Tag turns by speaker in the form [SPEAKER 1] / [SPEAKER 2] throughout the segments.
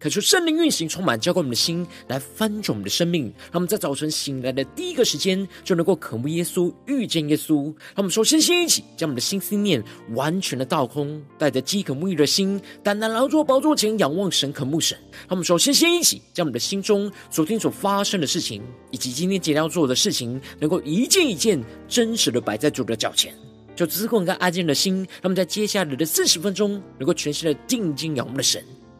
[SPEAKER 1] 懇求聖靈運行，充滿教會我們的心，來翻轉我們的生命。讓我們在早晨醒來的第一個時間，就能夠渴慕耶穌，遇見耶穌。讓我們首先先一起，將我們的心思念完全的倒空，帶着飢渴慕義的心，單單勞作寶座前仰望神，渴慕神。讓我們首先先一起，將我們的心中昨天所發生的事情，以及今天即將要做的事情，能夠一件一件真實的擺在主的腳前， 就只管干阿金人的心。讓我們在接下來的四十分鐘，能夠全心的定睛仰望的神。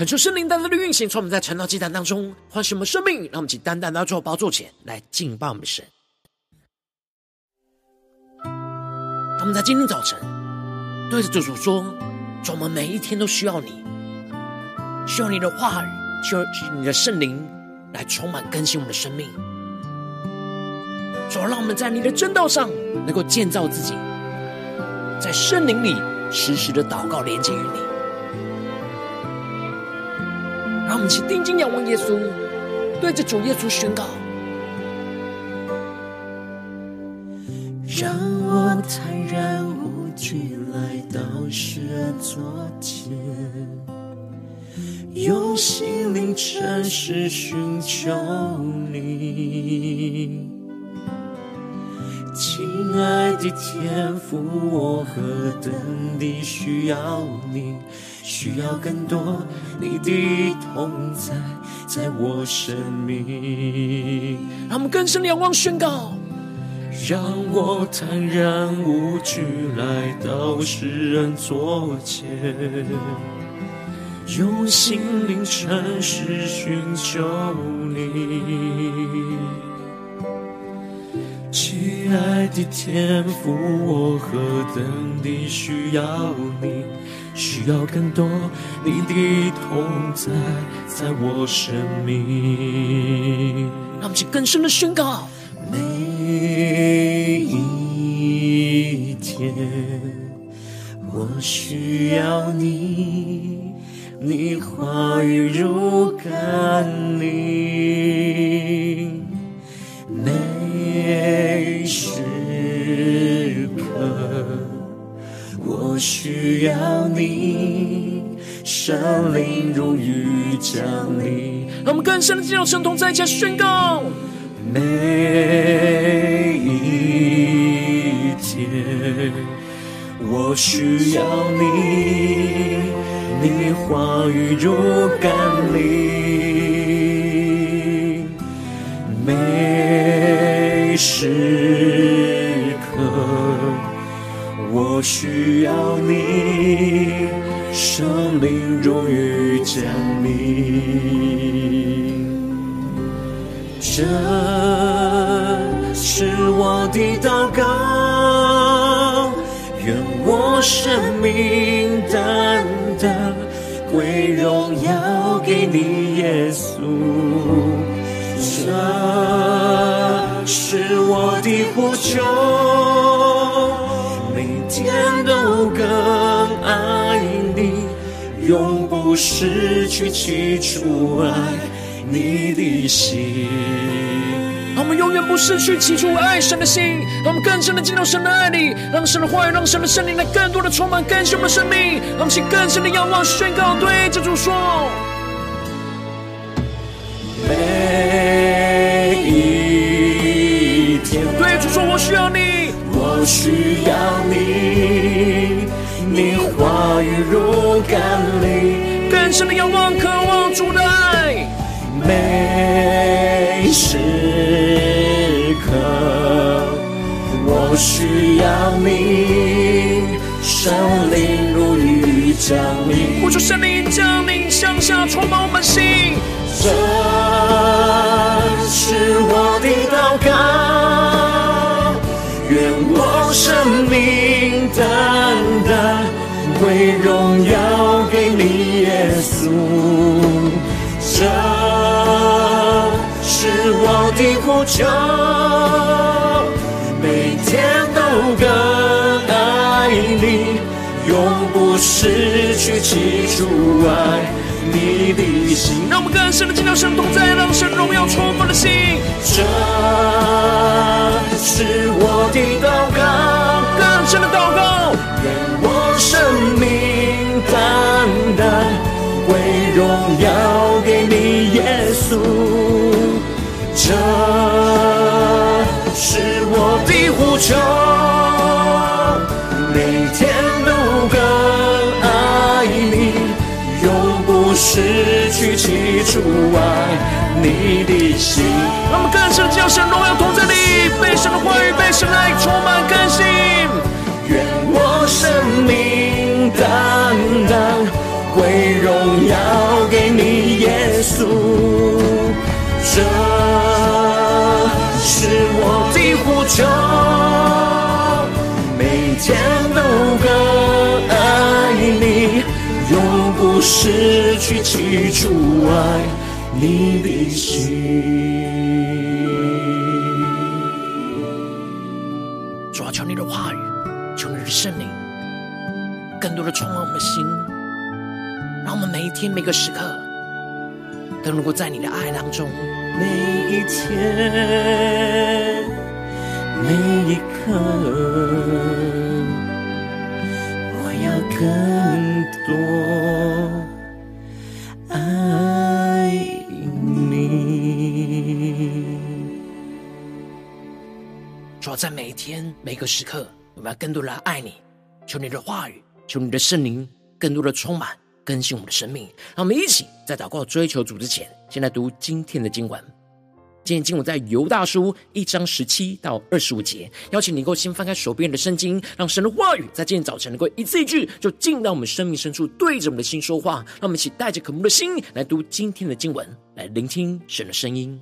[SPEAKER 1] 懇求聖靈帶著你的運行，從我們在晨禱祭壇當中，喚醒我們生命。讓我們請單單的到寶座前來敬拜我們的神。他們在今天早晨對着主，主說：“主，我們每一天都需要你，需要你的話語，需要你的聖靈來充滿更新我們的生命。主，讓我們在你的真道上能夠建造自己，在聖靈裡時時的禱告連接於你。”起定睛仰望耶穌，對着主耶穌宣告。
[SPEAKER 2] 讓我坦然無懼來到施恩座前，用心靈誠實尋求你。天父，我何等地需要你，需要更多你的同在，在我生命。讓我們更深仰望宣告，讓我坦然無懼來到施恩座前，用心靈誠實尋求你。親愛的天父，我何等地需要你，需要更多你的同在，在我生命。
[SPEAKER 1] 讓我去更深的宣告，
[SPEAKER 2] 每一天我需要你，你話語如甘霖。時刻，我需要你；聖靈如雨，降臨，讓我們更深的接受聖同，在一起宣告。每一天，我需要你；你話語如甘霖，每時。我需要你，生命如雨降臨。這是我的禱告，願我生命單單歸榮耀給你，耶穌。這是我的呼求。天都更愛你，永不失去起初愛你的心。我們永遠不失去起初愛神的心，我們更深的敬重神的愛裡，讓神的話語，讓神的聖靈來更多的充滿更新我們的生命，讓我們更深的仰望宣告對主說：每一天，對主說，我需要你。我需要你，你話語如甘霖，更深的仰望，渴望主的愛，每時刻。我需要你，聖靈如雨降臨。我說聖靈降臨，向下充滿我就每天都更愛你，永不失去起初愛你的心。讓我們更深的盡到神同在，讓神榮耀充滿的心。這是我的禱告，更深的禱告。願我生命單單為榮耀給你耶穌。這。我的呼求，每天都更愛你，永不失去起初愛你的心。讓我們更深的進入神榮耀同在裡，被神的話語，被神愛充滿更新。願我生命單單為榮耀給你耶穌，這是我的。求每天都更愛你，永不失去起初愛你的心。
[SPEAKER 1] 主要求你的話語，求你的聖靈，更多的充滿我們的心，讓我們每一天、每個時刻，都能夠，在你的愛當中。每一天。
[SPEAKER 2] 每一刻，我要更多愛你。
[SPEAKER 1] 主要在每一天每一個時刻，我們要更多的來愛你。求你的話語，求你的聖靈更多的充滿更新我們的生命。讓我們一起在禱告追求主之前，先來讀今天的經文。今天經文在《猶大書》一章十七到二十五節，邀請你能夠先翻開手邊的聖經，讓神的話語在今天早晨能夠一字一句，就進到我們生命深處，對着我們的心說話。讓我們一起帶着渴慕的心來讀今天的經文，來聆聽神的聲音。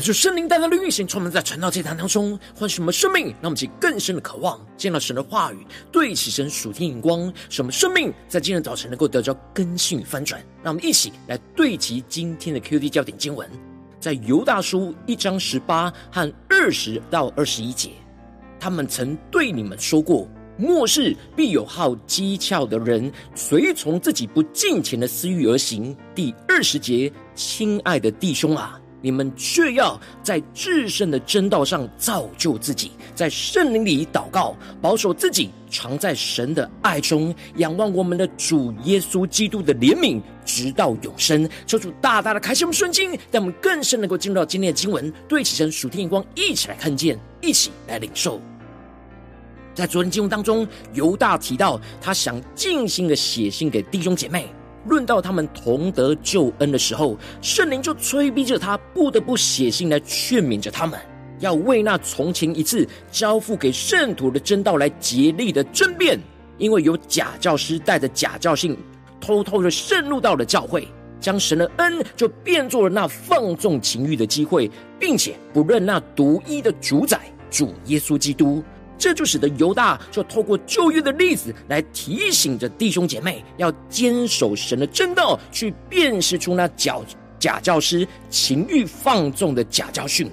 [SPEAKER 1] 就聖靈帶來的運行，充滿在傳道祭壇當中喚什麼生命？讓我們起更深的渴望，見到神的話語，對齊神屬天眼光，什麼生命在今日早晨能夠得到更新與翻轉？讓我們一起來對齊今天的 QT 焦點經文，在猶大書一章十八和二十到二十一節，他們曾對你們說過：末世必有好譏誚的人，隨從自己不敬虔的私慾而行。第二十節，親愛的弟兄啊！你們卻要在至聖的真道上造就自己，在聖靈裡禱告，保守自己，常在神的愛中，仰望我們的主耶穌基督的憐憫，直到永生。求主大大的開心我們的心境，讓我們更深能夠進入到今天的經文，對齊神屬天眼光，一起來看見，一起來領受。在昨天經文當中，猶大提到他想盡心的寫信給弟兄姐妹。論到他們同得救恩的時候，聖靈就催逼着他，不得不寫信來勸勉着他們，要為那從前一次交付給聖徒的真道來竭力的爭辯，因為有假教師帶着假教訓，偷偷的滲入到了教會，將神的恩就變作了那放縱情慾的機會，並且不認那獨一的主宰，主耶穌基督。這就使得猶大就透過舊約的例子來提醒着弟兄姐妹，要堅守神的真道，去辨識出那假，假教師情慾放縱的假教訓。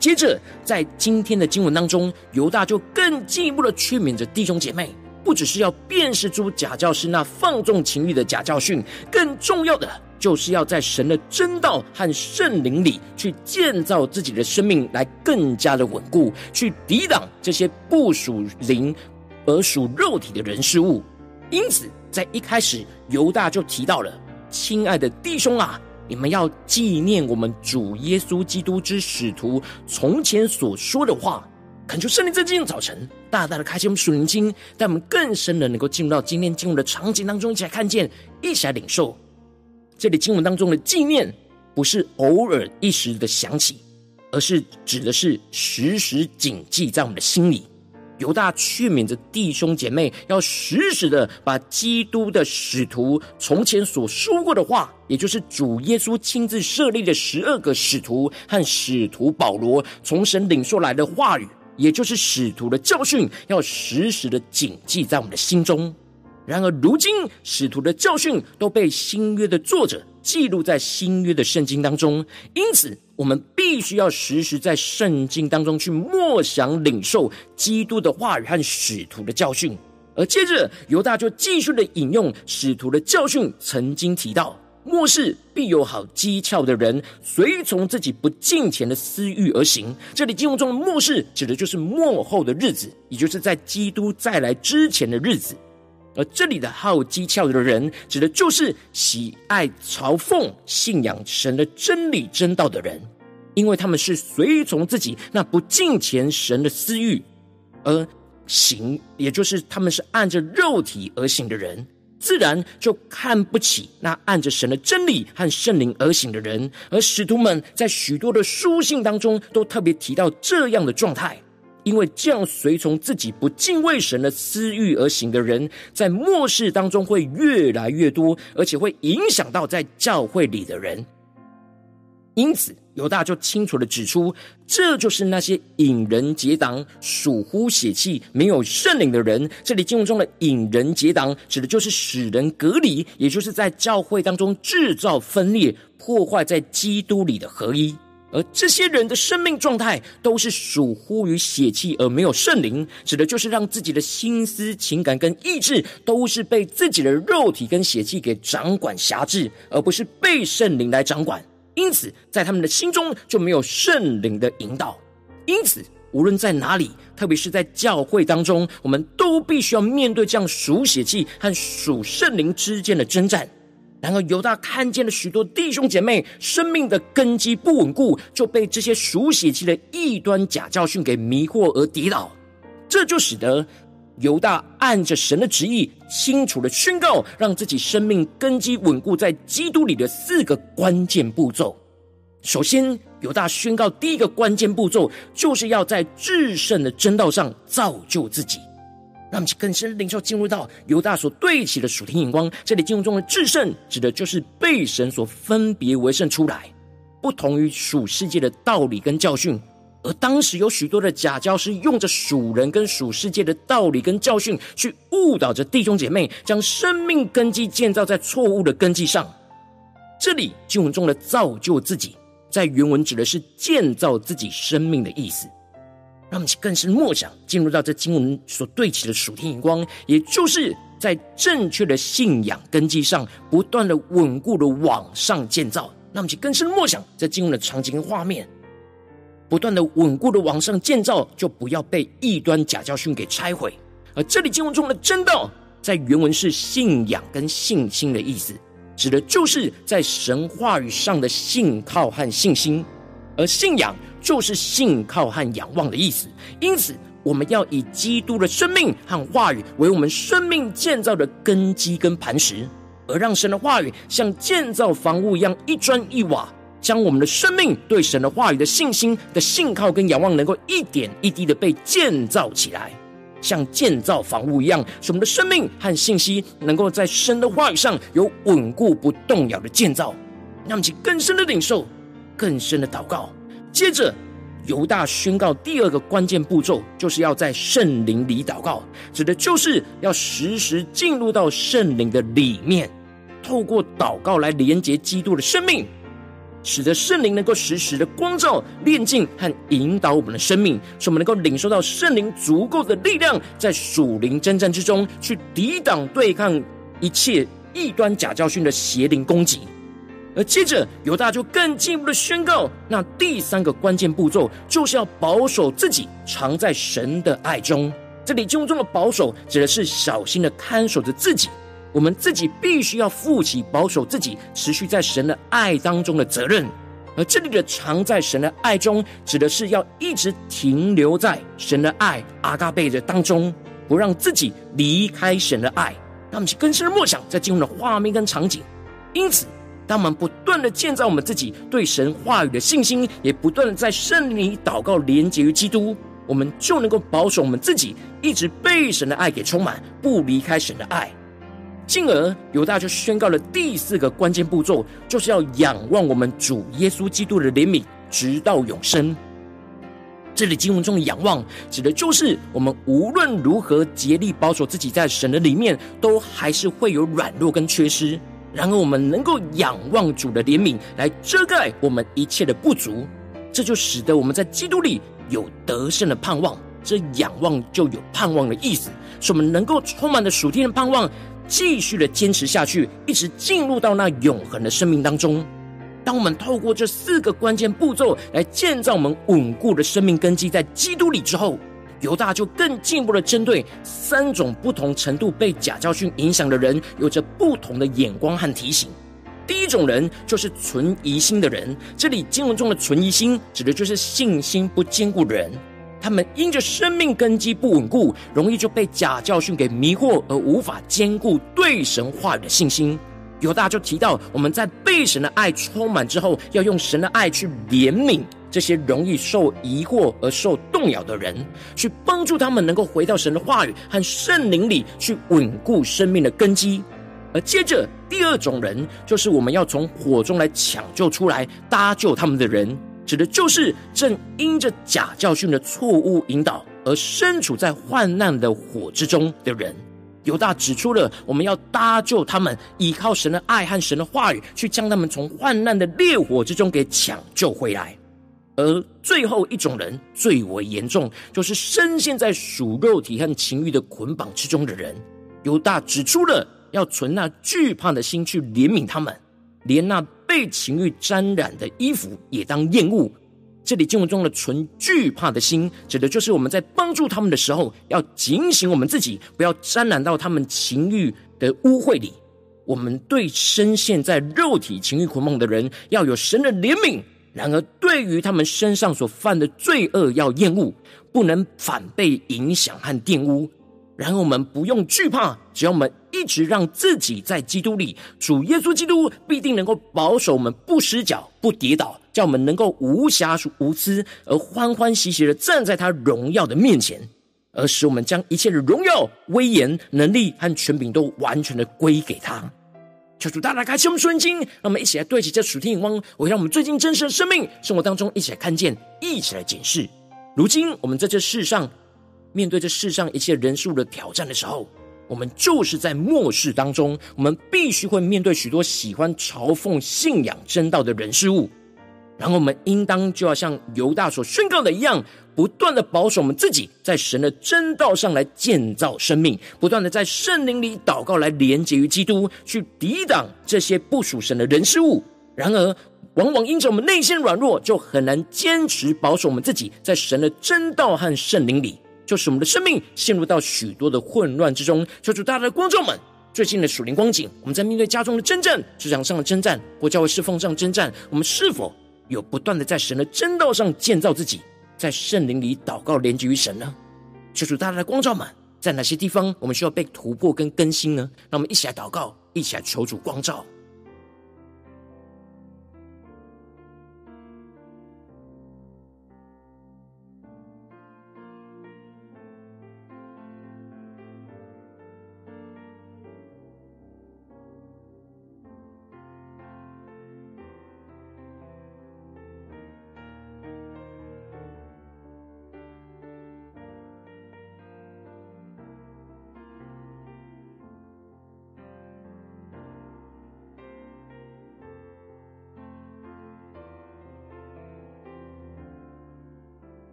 [SPEAKER 1] 接着，在今天的經文當中，猶大就更進一步的勸勉着弟兄姐妹。不只是要辨識出假教師那放縱情慾的假教訓，更重要的就是要在神的真道和聖靈裡去建造自己的生命，來更加的穩固，去抵擋這些不屬靈而屬肉體的人事物。因此，在一開始，猶大就提到了：“親愛的弟兄啊，你們要紀念我們主耶穌基督之使徒從前所說的話。”懇求聖靈在今天早晨大大的開啟我們屬靈心，帶我們更深的能夠進入到今天經文的場景當中，一起來看見，一起來領受。這裡經文當中的紀念，不是偶爾一時的想起，而是指的是時時謹記在我們的心裡。猶大去免着弟兄姐妹要時時的把基督的使徒從前所說過的話，也就是主耶穌親自設立的十二個使徒和使徒保羅從神領受來的話語，也就是使徒的教訓，要時時的謹記在我們的心中。然而，如今使徒的教訓都被新約的作者記錄在新約的聖經當中，因此我們必須要時時在聖經當中去默想、領受基督的話語和使徒的教訓。而接着，猶大就繼續的引用使徒的教訓，曾經提到。末世必有好譏誚的人隨從自己不敬虔的私慾而行。這裡經文中的末世指的就是末後的日子，也就是在基督再來之前的日子。而這裡的好譏誚的人，指的就是喜愛嘲諷、信仰神的真理、真道的人，因為他們是隨從自己那不敬虔神的私慾而行，也就是他們是按着肉體而行的人。自然就看不起那按着神的真理和聖靈而行的人，而使徒們在許多的書信當中都特別提到這樣的狀態，因為這樣隨從自己不敬畏神的私欲而行的人，在末世當中會越來越多，而且會影響到在教會裡的人。因此，猶大就清楚地指出，這就是那些引人結黨、屬乎血氣、沒有聖靈的人。這裡經文中的“引人結黨”指的就是使人隔離，也就是在教會當中製造分裂、破壞在基督裡的合一。而這些人的生命狀態都是屬乎於血氣，而沒有聖靈，指的就是讓自己的心思、情感跟意志，都是被自己的肉體跟血氣給掌管轄制，而不是被聖靈來掌管。因此，在他們的心中就沒有聖靈的引導。因此，無論在哪裡，特別是在教會當中，我們都必須要面對這樣屬血氣和屬聖靈之間的征戰。然而，猶大看見了許多弟兄姐妹生命的根基不穩固，就被這些屬血氣的異端假教訓給迷惑而跌倒，這就使得。猶大按着神的旨意，清楚地宣告，讓自己生命根基穩固在基督裡的四個關鍵步驟。首先，猶大宣告第一個關鍵步驟，就是要在至聖的真道上造就自己，讓其更深領受，進入到猶大所對齊的屬天眼光。這裡經文中的至聖，指的就是被神所分別為聖出來，不同於屬世界的道理跟教訓。而當時有許多的假教師，用着屬人跟屬世界的道理跟教訓，去誤導着弟兄姐妹，將生命根基建造在錯誤的根基上。這裡經文中的“造就自己”，在原文指的是建造自己生命的意思。那我們更深的默想，進入到這經文所對齊的屬天眼光，也就是在正確的信仰根基上，不斷的穩固的往上建造。那我們更深的默想，在經文的場景跟畫面。不斷的穩固的往上建造，就不要被異端假教訓給拆毀。而這裡經文中的“真道”，在原文是信仰跟信心的意思，指的就是在神話語上的信靠和信心。而信仰就是信靠和仰望的意思。因此，我們要以基督的生命和話語為我們生命建造的根基跟磐石，而讓神的話語像建造房屋一樣，一磚一瓦。將我們的生命對神的話語的信心的信靠跟仰望，能夠一點一滴的被建造起來，像建造房屋一樣，使我們的生命和信息能夠在神的話語上有穩固不動搖的建造。讓我們更深的領受，更深的禱告。接着，猶大宣告第二個關鍵步驟，就是要在聖靈裡禱告，指的就是要時時進入到聖靈的裡面，透過禱告來連接基督的生命。使得聖靈能夠時時的光照、煉淨和引導我們的生命，使我們能夠領受到聖靈足夠的力量，在屬靈爭戰之中去抵擋、對抗一切異端、假教訓的邪靈攻擊。而接着，猶大就更進一步的宣告，那第三個關鍵步驟就是要保守自己，藏在神的愛中。這裡經文中的保守，指的是小心的看守着自己。我們自己必須要負起保守自己持續在神的愛當中的責任，而這裡的“常在神的愛中”指的是要一直停留在神的愛阿喀貝的當中，不讓自己離開神的愛。他們去更深的默想，在進入的畫面跟場景。因此，當我們不斷的建造我們自己對神話語的信心，也不斷的在聖靈裡禱告連結於基督，我們就能夠保守我們自己一直被神的愛給充滿，不離開神的愛。進而猶大就宣告了第四個關鍵步驟，就是要仰望我們主耶穌基督的憐憫，直到永生。這裡經文中的仰望，指的就是我們無論如何竭力保守自己在神的裡面，都還是會有軟弱跟缺失。然而我們能夠仰望主的憐憫，來遮蓋我們一切的不足，這就使得我們在基督裡有得勝的盼望。這仰望就有盼望的意思，所以我們能夠充滿了屬天的盼望。繼續的堅持下去，一直進入到那永恆的生命當中。當我們透過這四個關鍵步驟來建造我們穩固的生命根基在基督裡之後，猶大就更進一步的針對三種不同程度被假教訓影響的人，有着不同的眼光和提醒。第一種人就是存疑心的人，這裡經文中的存疑心，指的就是信心不堅固的人。他們因着生命根基不穩固，容易就被假教訓給迷惑，而無法堅固對神話語的信心。猶大就提到，我們在被神的愛充滿之後，要用神的愛去憐憫這些容易受疑惑而受動搖的人，去幫助他們能夠回到神的話語和聖靈裡，去穩固生命的根基。而接着，第二種人就是我們要從火中來搶救出來、搭救他們的人。指的就是正因着假教訓的錯誤引導而身處在患難的火之中的人。猶大指出了我們要搭救他們，依靠神的愛和神的話語，去將他們從患難的烈火之中給搶救回來。而最後一種人最為嚴重，就是身陷在屬肉體和情欲的捆綁之中的人。猶大指出了要存那懼怕的心去憐憫他們，憐那。被情慾沾染的衣服也當厭惡。這裡進文經中的“純懼怕的心”，指的就是我們在幫助他們的時候，要警醒我們自己，不要沾染到他們情慾的污穢裡。我們對深陷在肉體情慾捆綁的人，要有神的憐憫；然而，對於他們身上所犯的罪惡，要厭惡，不能反被影響和玷污。然後我們不用懼怕，只要我們一直讓自己在基督裡，主耶穌基督必定能夠保守我們不失腳、不跌倒，叫我們能夠無瑕無疵而歡歡喜喜的站在他榮耀的面前，而使我們將一切的榮耀、威嚴、能力和權柄都完全的歸給他。求主大大開啟我們屬靈心，讓我們一起來對齊這屬天眼光，我會讓我們最近真實的生命生活當中一起來看見，一起來檢視。如今我們在這世上。面對這世上一切人事物的挑戰的時候，我們就是在末世當中，我們必須會面對許多喜歡嘲諷信仰真道的人事物。然後，我們應當就要像猶大所宣告的一樣，不斷的保守我們自己在神的真道上來建造生命，不斷的在聖靈裡禱告來連接於基督，去抵擋這些不屬神的人事物。然而，往往因着我們內心軟弱，就很難堅持保守我們自己在神的真道和聖靈裡。就是我們的生命陷入到許多的混亂之中，求主大大的光照我們，最近的屬靈光景，我們在面對家中的徵戰、職場上的徵戰、或教會事奉上的徵戰，我們是否有不斷的在神的真道上建造自己，在聖靈裡禱告、連接於神呢？求主大大的光照我們，在哪些地方我們需要被突破跟更新呢？讓我們一起來禱告，一起來求主光照。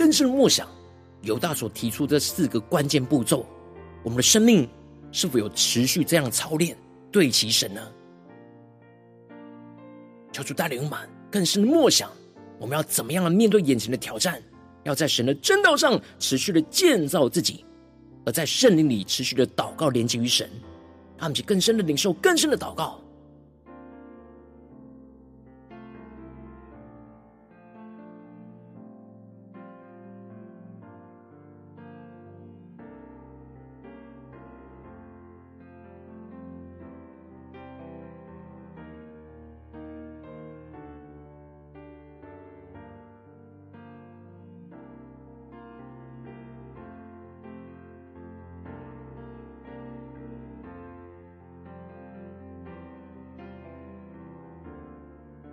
[SPEAKER 1] 更深的默想，猶大所提出這四個關鍵步驟，我們的生命是否有持續這樣操練對齊神呢？求主帶領我們更深的默想，我們要怎麼樣來面對眼前的挑戰？要在神的真道上持續的建造自己，而在聖靈裡持續的禱告，連接於神，而且更深的領受，更深的禱告。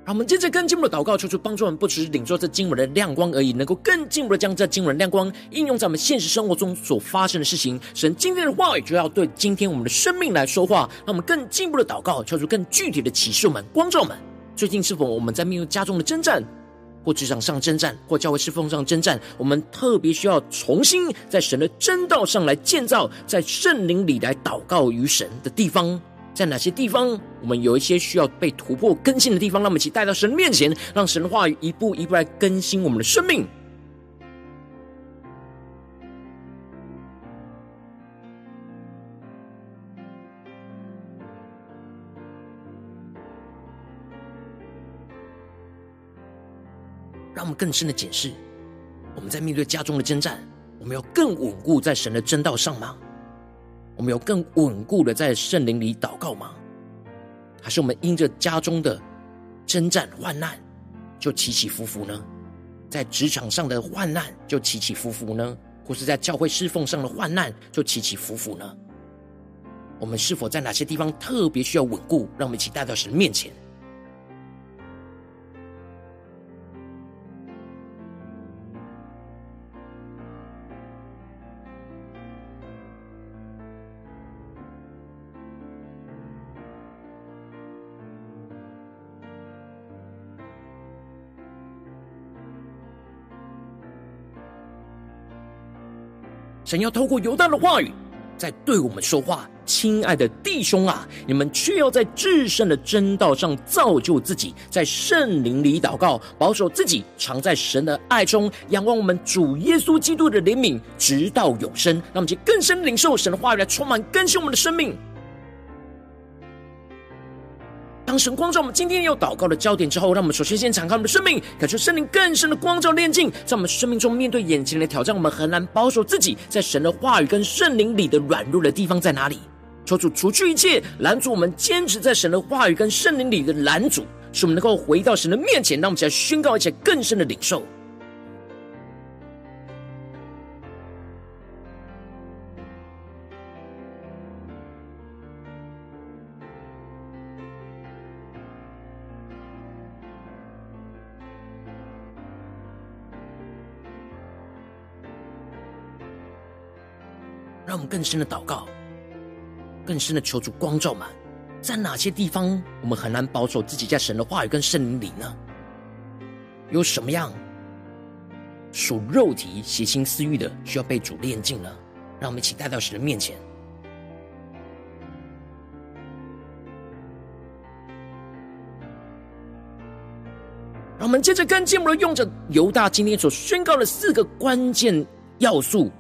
[SPEAKER 1] 好，我們接着更進一步的禱告，求主幫助我們不只是領受這經文的亮光而已，能夠更進一步的將這經文的亮光應用在我們現實生活中所發生的事情。神今天的話語就要對今天我們的生命來說話，讓我們更進一步的禱告，求主更具體的啟示我們、光照我們。最近是否我們在面對家中的爭戰，或職場上爭戰，或教會侍奉上爭戰，我們特別需要重新在神的真道上來建造，在聖靈裡來禱告於神的地方。在哪些地方，我們有一些需要被突破、更新的地方？讓我們一起帶到神面前，讓神的話語一步一步來更新我們的生命。讓我們更深的檢視：我們在面對家中的爭戰，我們要更穩固在神的真道上嗎？我們有更穩固的在聖靈裡禱告嗎？還是我們因着家中的爭戰、患難就起起伏伏呢？在職場上的患難就起起伏伏呢？或是在教會侍奉上的患難就起起伏伏呢？我們是否在哪些地方特別需要穩固？讓我們一起帶到神面前。神要透過猶大的話語，在對我們說話。親愛的弟兄啊，你們卻要在至聖的真道上造就自己，在聖靈裡禱告，保守自己，常在神的愛中，仰望我們主耶穌基督的憐憫，直到永生。那麼，就更深領受神的話語來充滿更新我們的生命。當神光照我們今天又禱告的焦點之後，讓我們首先先敞開我們的生命，感受聖靈更深的光照煉淨，在我們生命中面對眼前的挑戰，我們很難保守自己在神的話語跟聖靈裡的軟弱的地方在哪裡？求主除去一切攔阻我們堅持在神的話語跟聖靈裡的攔阻，使我們能夠回到神的面前，讓我們起來宣告一些更深的領受。讓我們更深的禱告，更深的求主光照吧。在哪些地方我們很難保守自己在神的話語跟聖靈裡呢？有什麼樣屬肉體、邪情私慾的需要被主煉淨呢？讓我們一起帶到神的面前。讓我們接着跟進我們用着猶大今天所宣告的四個關鍵要素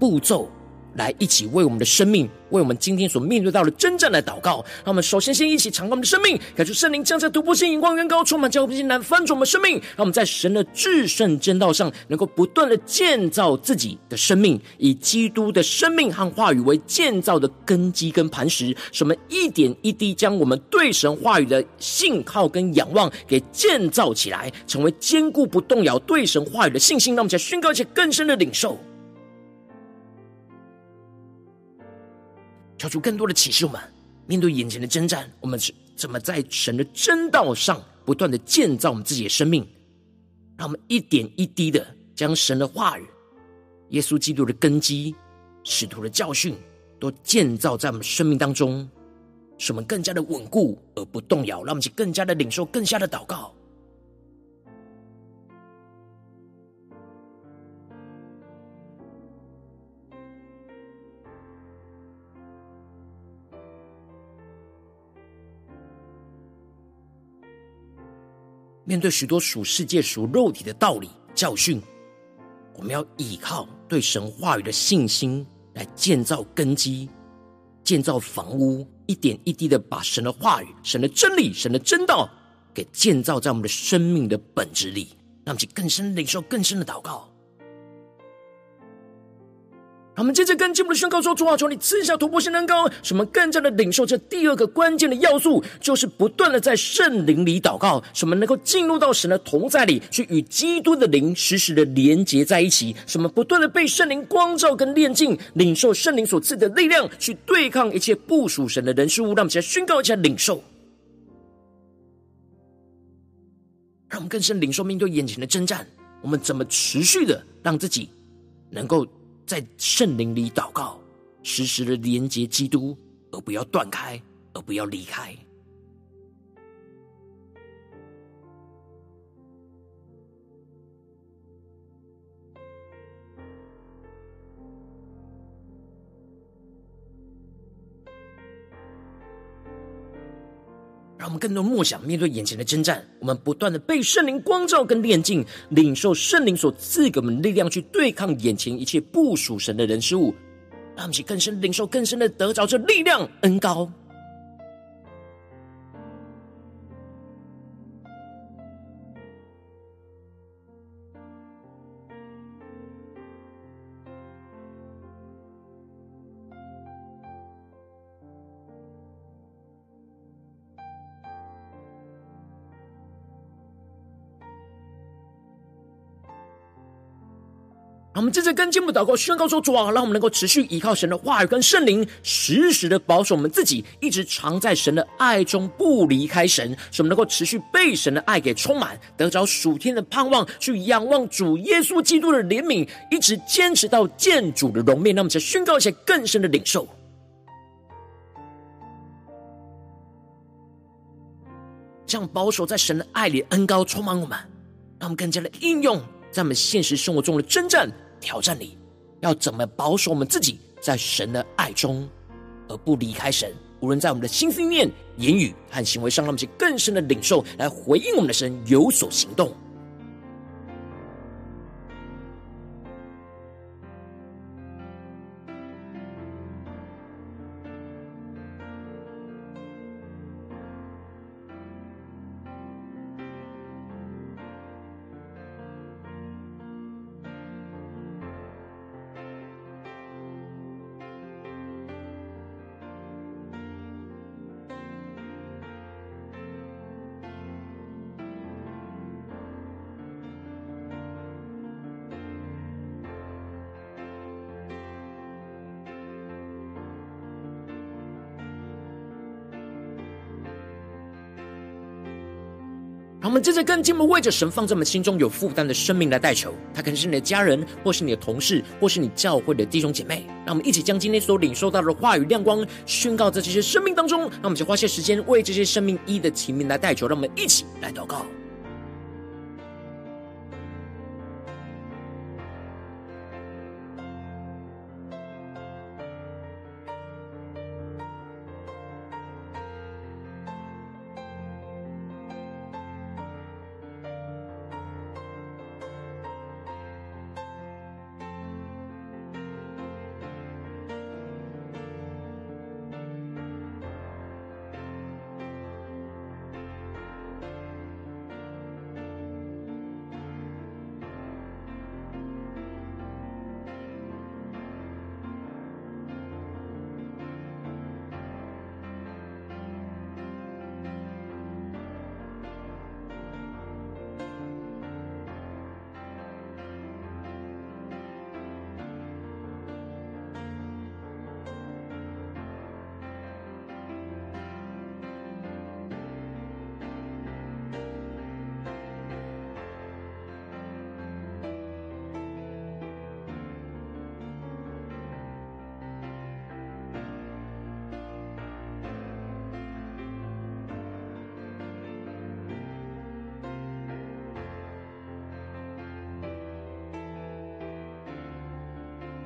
[SPEAKER 1] 步驟。來一起為我們的生命，為我們今天所面對到的征戰來禱告。讓我們首先先一起嘗過我們的生命，求聖靈將這突破性、眼光遠高、充滿交不信難翻轉我們,的我們的生命。讓我們在神的至聖真道上，能夠不斷的建造自己的生命，以基督的生命和話語為建造的根基跟磐石，什麼一點一滴將我們對神話語的信靠跟仰望給建造起來，成為堅固不動搖對神話語的信心。讓我們在宣告一些更深的領受。挑出更多的啟示，我們面對眼前的征戰，我們是怎麼在神的真道上不斷的建造我們自己的生命？讓我們一點一滴的將神的話語、耶穌基督的根基、使徒的教訓，都建造在我們生命當中，使我們更加的穩固而不動搖。讓我們去更加的領受、更加的禱告。面對許多屬世界、屬肉體的道理教訓，我們要依靠對神話語的信心來建造根基、建造房屋，一點一滴的把神的話語、神的真理、神的真道給建造在我們的生命的本質裡，讓我們更深領受，更深的禱告。我們接着跟進步的宣告說：“主啊，求你賜下突破性恩膏，使我們更加的領受這第二個關鍵的要素，就是不斷的在聖靈裡禱告，使我們能夠進入到神的同在裡，去與基督的靈實時的連接在一起，使我們不斷的被聖靈光照跟煉淨，領受聖靈所賜的力量，去對抗一切不屬神的人事物。讓我們先宣告一下，領受，讓我們更深領受，面對眼前的征戰，我們怎麼持續的讓自己能夠。”在聖靈裡禱告，時時的連接基督，而不要斷開，而不要離開。讓我們更多的默想，面對眼前的征戰，我們不斷的被聖靈光照跟煉淨，領受聖靈所賜給我們力量，去對抗眼前一切不屬神的人事物。讓我們更深的領受、更深的得着這力量恩膏。我們正在跟進步禱告，宣告說：“主啊，讓我們能夠持續依靠神的話語跟聖靈，時時的保守我們自己，一直藏在神的愛中，不離開神。使我們能夠持續被神的愛給充滿，得着屬天的盼望，去仰望主耶穌基督的憐憫，一直堅持到見主的榮面。那麼，才宣告一些更深的領受，這樣保守在神的愛裡，恩膏充滿我們，讓我們更加的應用在我們現實生活中的爭戰。”挑戰你，要怎麼保守我們自己在神的愛中，而不離開神？無論在我們的心思意念、言語和行為上，讓我們去更深的領受，來回應我們的神，有所行動。這在根基我們為着神放在我們心中有負擔的生命來代求，他可能是你的家人，或是你的同事，或是你教會的弟兄姐妹。讓我們一起將今天所領受到的話語亮光宣告在這些生命當中。那我們就花些時間為這些生命一的提名來代求。讓我們一起來禱告。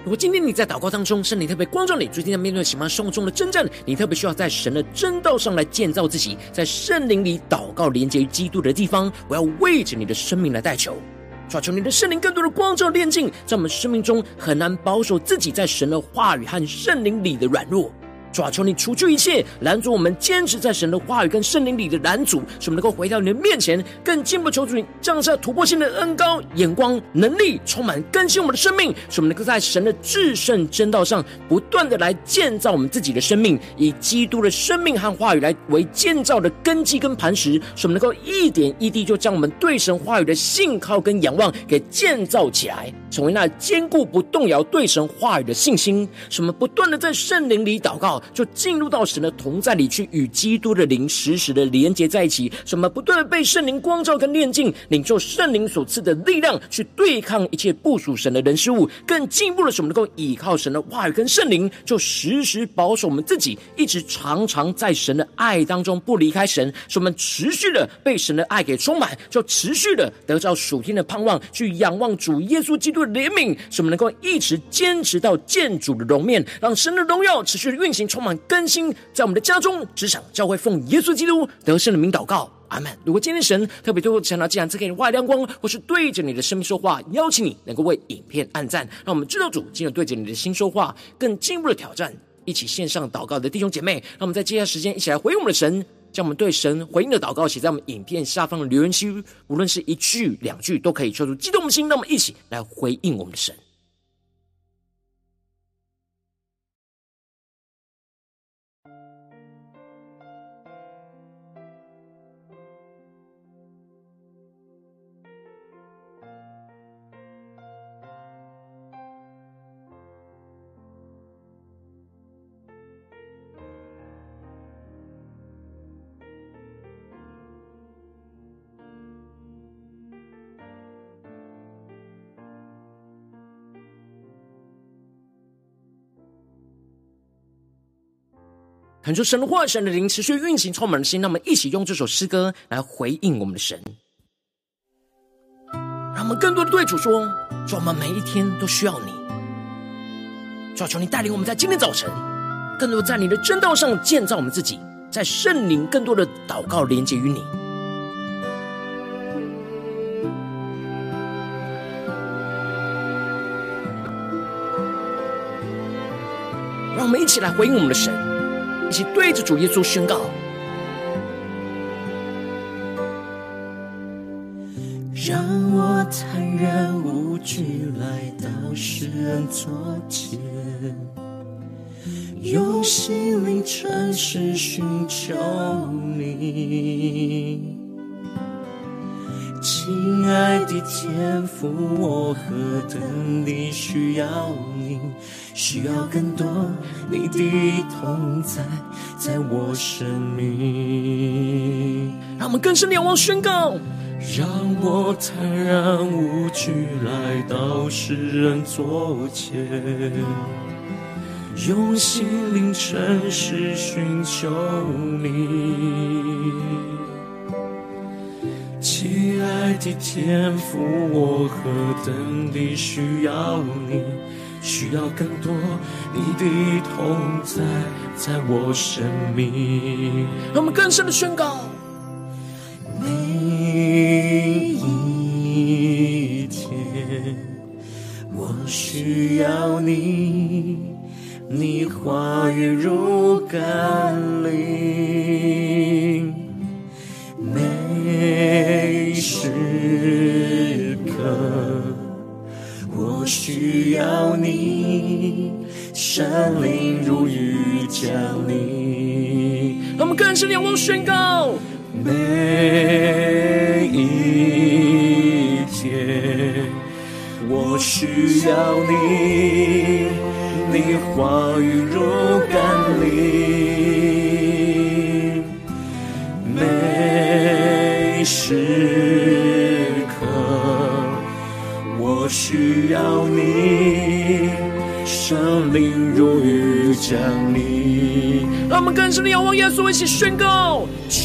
[SPEAKER 1] 如果今天你在禱告當中，聖靈特別光照你，最近在面對什麼生活中的征戰，你特別需要在神的真道上來建造自己，在聖靈裡禱告連接於基督的地方，我要為着你的生命來代求，求求你的聖靈更多的光照煉淨，在我們生命中很難保守自己在神的話語和聖靈裡的軟弱。主啊，求你除去一切攔阻我們堅持在神的話語跟聖靈裡的攔阻，使我們能夠回到你的面前。更進一步求主你降下突破性的恩膏、眼光、能力，充滿更新我們的生命，使我們能夠在神的至聖真道上不斷的來建造我們自己的生命，以基督的生命和話語來為建造的根基跟磐石，使我們能夠一點一滴就將我們對神話語的信靠跟仰望給建造起來。成為那堅固不動搖對神話語的信心，什麼不斷的在聖靈裡禱告，就進入到神的同在裡去，與基督的靈時時的連結在一起。什麼不斷的被聖靈光照跟煉淨，領受聖靈所賜的力量，去對抗一切不屬神的人事物。更進一步的，什麼能夠倚靠神的話語跟聖靈，就時時保守我們自己，一直常常在神的愛當中不離開神。什麼持續的被神的愛給充滿，就持續的得到屬天的盼望，去仰望主耶穌基督。憐憫，使我們能夠一直堅持到見主的榮面，讓神的榮耀持續運行，充滿更新，在我們的家中、職場、教會，奉耶穌基督得勝的名禱告，阿門。如果今天神特別對我們傳達，竟然賜給你話語亮光，或是對着你的生命說話，邀請你能夠為影片按讚，讓我們知道主進入對着你的心說話，更進一步的挑戰，一起線上禱告的弟兄姐妹，讓我們在接下來時間一起來回應我們的神，將我們對神回應的禱告寫在我們影片下方的留言區，無論是一句兩句，都可以抽出激動的心。那麼一起來回應我們的神。很多神話，神的靈持續運行，充滿的心。那麼一起用這首詩歌來回應我們的神，讓我們更多的對主說：主，我們每一天都需要你。主，求你帶領我們在今天早晨，更多在你的真道上建造我們自己，在聖靈更多的禱告連接於你。讓我們一起來回應我們的神。一起對着主耶穌宣告，
[SPEAKER 2] 讓我坦然無懼來到施恩座前，用心靈誠實尋求你。親愛的天父，我何等需要你。需要更多你的同在，在我生命。讓我們更深的仰望宣告，讓我坦然無懼來到世人座前，用心靈誠實尋求你，親愛的天父，我何等地需要你。需要更多你的同在，在我生命。我們更深的宣告，每一天我需要你，你話語如甘霖。需要你，聖靈如雨降臨。我們更深的仰望宣告，每一天我需要你，你話語如甘霖，每時。我需要你，聖靈如雨降臨。我們跟着你仰望耶穌，一起宣告：這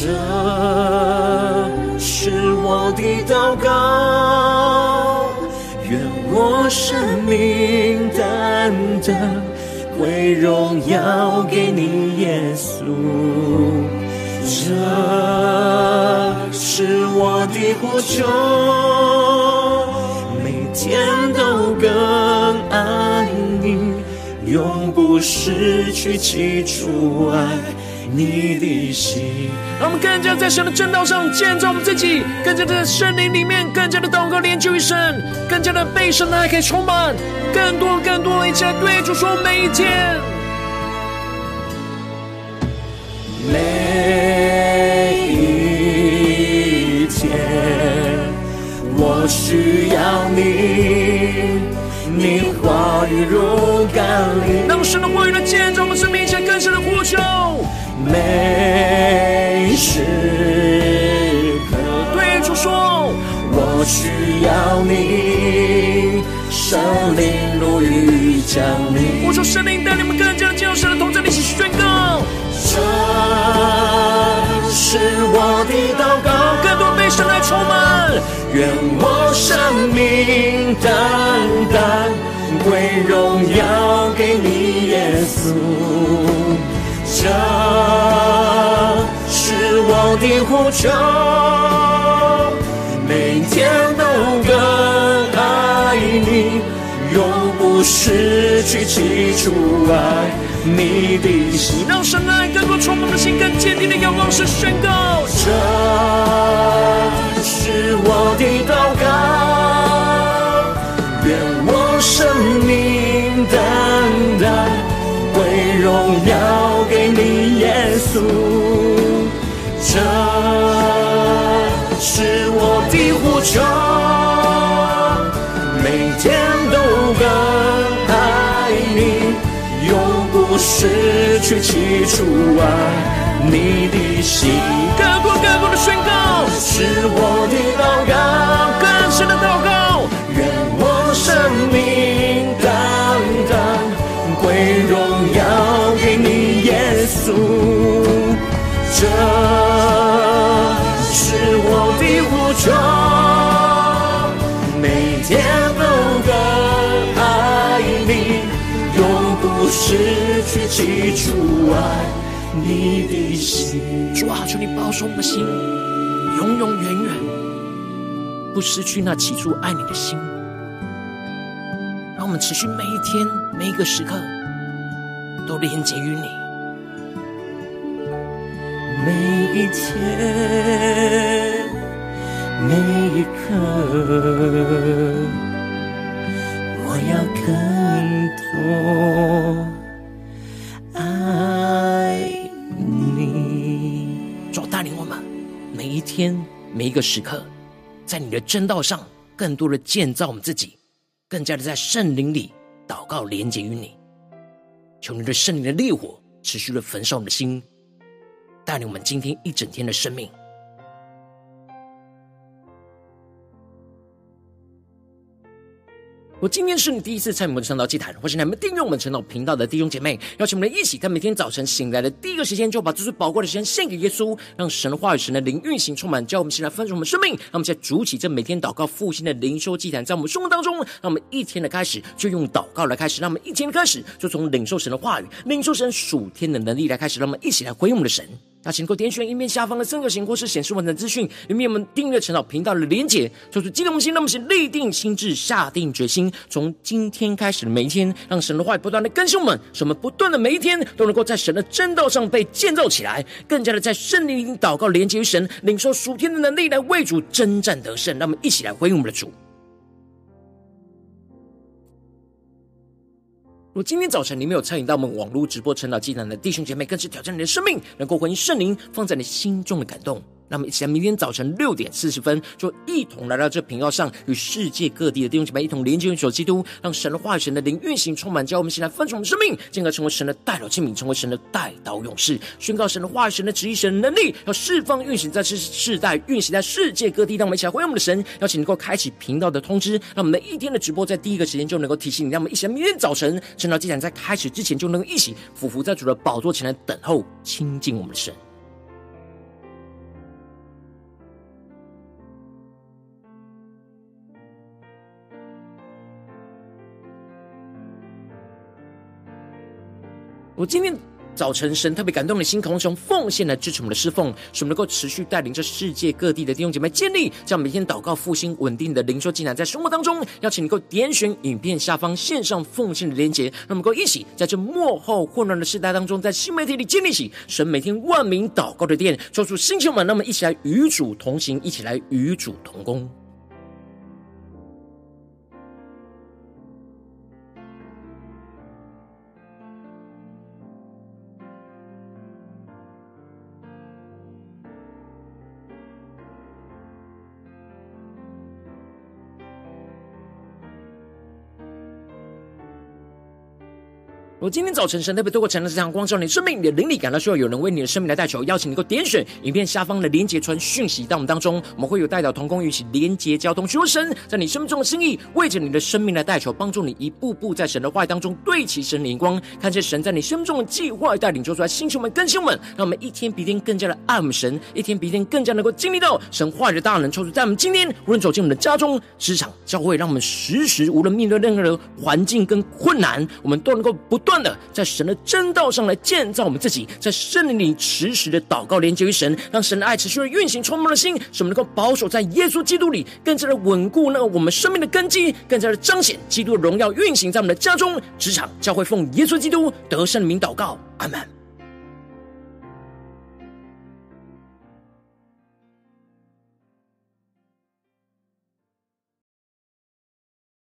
[SPEAKER 2] 是我的禱告，願我生命單單歸榮耀給你，耶穌。這是我的呼求。天都更愛你，永不失去起初愛你的心。讓我們更加在神的正道上建造我們自己，更加在聖靈裡面，更加的禱告、連結於神，更加的被神的愛，可以充滿更多、更多一起來對主說：每一天，每一天，我需要你。靈如甘霖，那麼神的話語來見證我們生命一切更深的呼求。每時每刻，對主說：“我需要你。”聖靈如雨降臨，呼求聖靈，帶領你們更加進入神的同在，一起宣告：“神是我的禱告。”更多被聖靈來充滿，願我生命單單為榮耀給你耶穌，這是我的呼求，每天都更愛你，永不失去起初愛你的心。讓神愛更多，充滿的心更堅定的仰望，是宣告，這是我的道。單單，為榮耀給你耶穌，這是我的呼求，每天都更愛你，永不失去起初愛你的心。各國各族的宣告，是我的禱告。這是我的呼求，每天都更愛你，永不失去
[SPEAKER 1] 起初愛你的心。主啊，求你保守我的心，永永遠遠不失去那起初愛你的心。讓我們持續每一天，每一個時刻都連結於你。每一
[SPEAKER 2] 天，每一刻，我要更多
[SPEAKER 1] 愛你。主帶領我們，每一天，每一個時刻，在你的真道上，更多的建造我們自己，更加的在聖靈裡禱告，連接於你。求你對聖靈的烈火持續的焚燒我們的心。帶領我們今天一整天的生命。我今天是你第一次參與我們的晨禱祭壇，或是你們訂閱我們晨禱頻道的弟兄姐妹，邀請我們一起，在每天早晨醒來的第一個時間，就把這最寶貴的時間獻給耶穌，讓神的話語、神的靈運行充滿，叫我們起來豐盛我們生命。讓我們現在築起這每天禱告復興的靈修祭壇，在我們生活當中，讓我們一天的開始就用禱告來開始，讓我們一天的開始就從領受神的話語、領受神屬天的能力來開始，讓我們一起來回應我們的神。那請各位點選頁面下方的三角形，或是顯示完整資訊，裡面有裡面我們訂閱成長頻道的連結。就是激動心、那麼是立定心志、下定決心，從今天開始的每一天，讓神的話語不斷的更新我們，使我們不斷的每一天都能夠在神的真道上被建造起來，更加的在聖靈裡禱告連接於神，領受屬天的能力來為主征戰得勝。那麼一起來回應我們的主。如今天早晨你沒有參與到我們網絡直播晨禱祭壇的弟兄姐妹，更是挑戰你的生命，能夠回應聖靈放在你心中的感動。那麼，讓我們一起來，明天早晨六點四十分，就一同來到這頻道上，與世界各地的弟兄姐妹一同連接，用手基督，讓神的話語、神的靈運行、充滿，叫我們一起來豐盛我們生命，進而成為神的代禱器皿，成為神的代禱勇士，宣告神的話語、神的旨意、神的能力，要釋放、運行在世世代、運行在世界各地。讓我們一起來回應我們的神，邀請能夠開啟頻道的通知，讓我們每一天的直播在第一個時間就能夠提醒你。讓我們一起來，明天早晨，晨禱祭壇在開始之前，就能夠一起俯伏在主的寶座前來等候，親近我們的神。我今天早晨，神特別感動的心，從奉獻來支持我們的侍奉，使我們能夠持續帶領着世界各地的弟兄姐妹建立，這樣每天禱告復興穩，穩定的靈修進展。在生活當中，邀請你能夠點選影片下方線上奉獻的連接，那麼夠一起在這末後混亂的世代當中，在新媒體裡建立起神每天萬名禱告的殿，做出新器皿，那麼，一起來與主同行，一起來與主同工。我今天早晨，神特別透過晨生這場光照你生命，你的靈力感到需要有人為你的生命來代求，邀請你能夠點選影片下方的連結，傳訊息到我們當中，我們會有代禱同工一起連結交通，求神在你生命中的心意，為着你的生命來代求，幫助你一步步在神的話語當中對齊神靈光，看見神在你生命中的計劃帶領做出來，興起我們更新我們，讓我們一天比一天更加的愛神，一天比一天更加能夠經歷到神話語的大能抽出在我們今天，無論走進我們的家中、職場、教會，讓我們時時無論面對任何的環境跟困難，我們都能夠不斷。的在神的真道上來建造我們自己，在聖靈裡時時的禱告，連接於神，讓神的愛持續的運行，充滿了心，使我們能夠保守在耶穌基督裡，更加的穩固那個我們生命的根基，更加的彰顯基督的榮耀，運行在我們的家中、職場、教會，奉耶穌基督得勝的名禱告，阿門。